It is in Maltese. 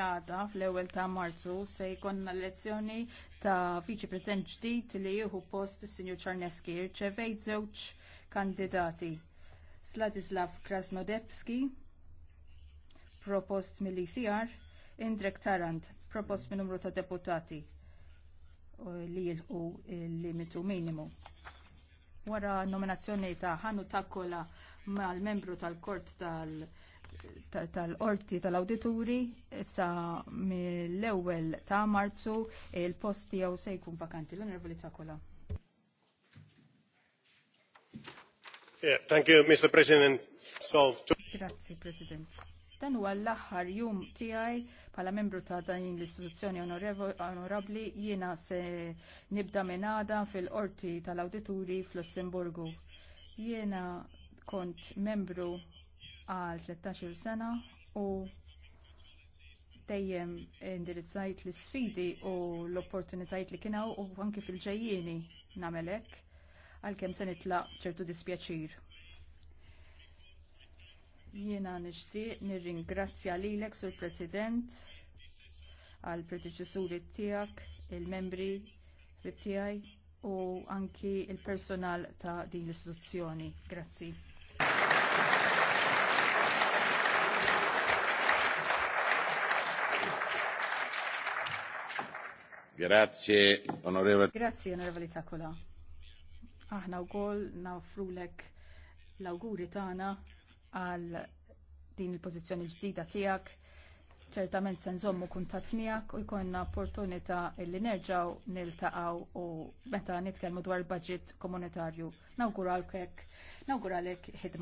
għada fl ewel ta' Marzu se jkollna l-elezzjoni ta' viċi President ġdid li jieħu post is-Sinjur Czarneski rċevejt żewġ kandidati. Sladislav Krasnodebski, propost mill-ICR, Indrek Tarant, propost minn numru ta' deputati li jilqu il-limitu minimu. Wara nominazzjoni ta' ħanu Takkola mal membru tal-Kort tal-Ġustizzja tal-orti tal-awdituri sa mill-ewwel ta' Marzu il-post tiegħu se jkun vakanti l-onorevoli Takola. Yeah, thank you, Mr. President. So, to... Grazie, President. Dan huwa l-aħħar jum tiegħi bħala membru ta' din l-istituzzjoni onorabbli jiena se nibda minn għada fil-qorti tal-awdituri fl-Lussemburgu. Jiena kont membru għal 13 sena u dejjem indirizzajt l isfidi u l-opportunitajiet li kienaw u anki fil-ġejjieni namelek għalkemm se nitlaq ċertu dispjaċir. Jiena nixtieq nirringrazzja lilek sur President għall predeċessuri tiegħek, il-membri tiegħi u anki l personal ta' din l-istituzzjoni. Grazzi. Grazie, onorevole. Grazie, onorevole Takola. Aħna u kol nafrulek l-auguri tana għal din il-pozizjoni ġdida tijak. ċertament se nżommu kuntat miegħek u jkollna opportunità li nerġgħu niltaqgħu u meta nitkellmu dwar il-budget komunitarju. Nawguralek, nawguralek ħidma